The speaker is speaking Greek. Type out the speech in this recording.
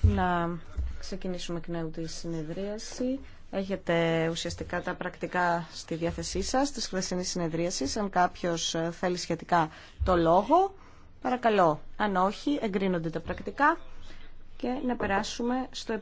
Να ξεκινήσουμε εκ νέου τη συνεδρίαση. Έχετε ουσιαστικά τα πρακτικά στη διάθεσή σας της χθεσινής συνεδρίασης. Αν κάποιος ε, θέλει σχετικά το λόγο, παρακαλώ. Αν όχι, εγκρίνονται τα πρακτικά και να περάσουμε στο